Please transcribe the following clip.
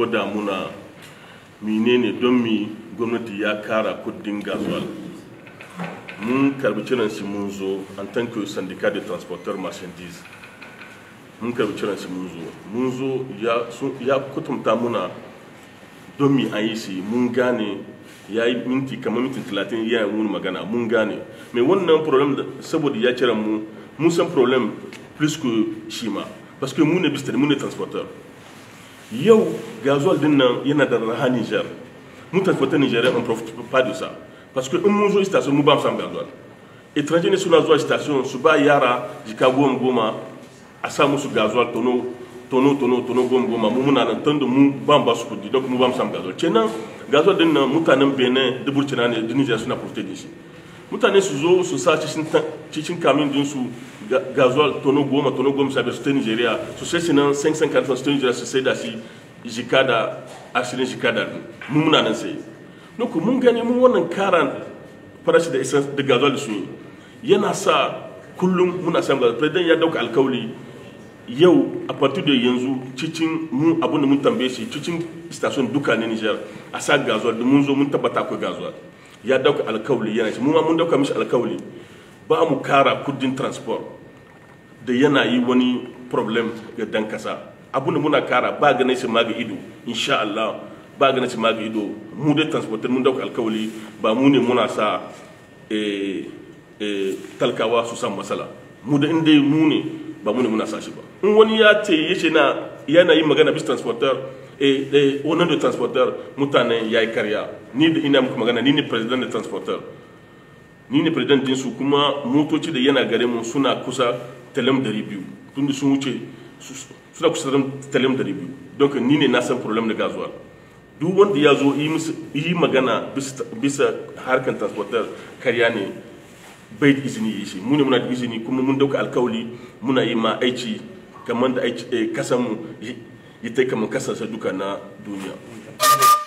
gwada muna menene don mi gwamnati ya kara kudin gasoil mun karbi kiran shi mun zo an tanke sandika da transporter marchandise mun karbi kiran shi mun zo mun zo ya kutumta muna don mi an yi shi mun gane ya yi minti kamar minti talatin ya yi magana mun gane mai wannan problem saboda ya kira mu mun san problem plus que shi ma parce que mu ne bister mu ne transporter yau gazuwal din nan yana da raha niger mun transporter nigeria on profite pas de ça parce que in mun zo station mu ba mu samu gazuwal étranger ne suna zuwa station su ba yara jika gom goma a sa musu gazuwal tono tono tono tono goma goma mu muna nan tanda mu ba mu ba su kudi donc mu ba mu samu gazuwal kenan gazuwal din nan mutanen benin da burkina ne da niger suna profiter da shi mutane su zo su sa cikin kamin din su ga zuwa tono goma tono goma sha su ta nigeria su sai su nan san san karfin su ta nigeria su sai da shi jika da ashirin jika da mu muna nan sai nuku mun gani mun wannan karan farashi da isa da gazuwa da su yi yana sa kullum muna samun gazuwa president ya dauka alkawali yau a partir da yanzu cikin mu abin da mun tambaye shi cikin station duka na niger a sa gazuwa da mun zo mun tabbata akwai gazuwa ya dauka alkawli yana shi mu ma mun dauka mishi alkawli ba mu kara kudin transport da yana yi wani problem ga dan kasa abin da muna kara ba ganin shi ma ga ido insha Allah ba ganin shi ma ga ido mu da transport mun dauka alkawli ba mu ne muna sa eh, eh, talkawa su san masala mu da inda mu ne ba mu ne muna sa shi ba in wani ya ce yace na yana yin magana bis transporter Eh, eh, onan da transporter mutanen ya yi kariya ni da ina muku magana ni ne president de transporteur ni ne president dinsu kuma motoci da yana gare mu suna kusa talam dari biyu tun da sun wuce suna kusa talam dari biyu donc ni ne na san problem da gazuwar duk wanda ya zo yi magana bisa harkar transporteur kariya ne bai izini yi shi mu ne muna da izini kuma mun dauka alkawali muna yi ma aici kamar da eh, kasanmu ita kamar kasashe duka na duniya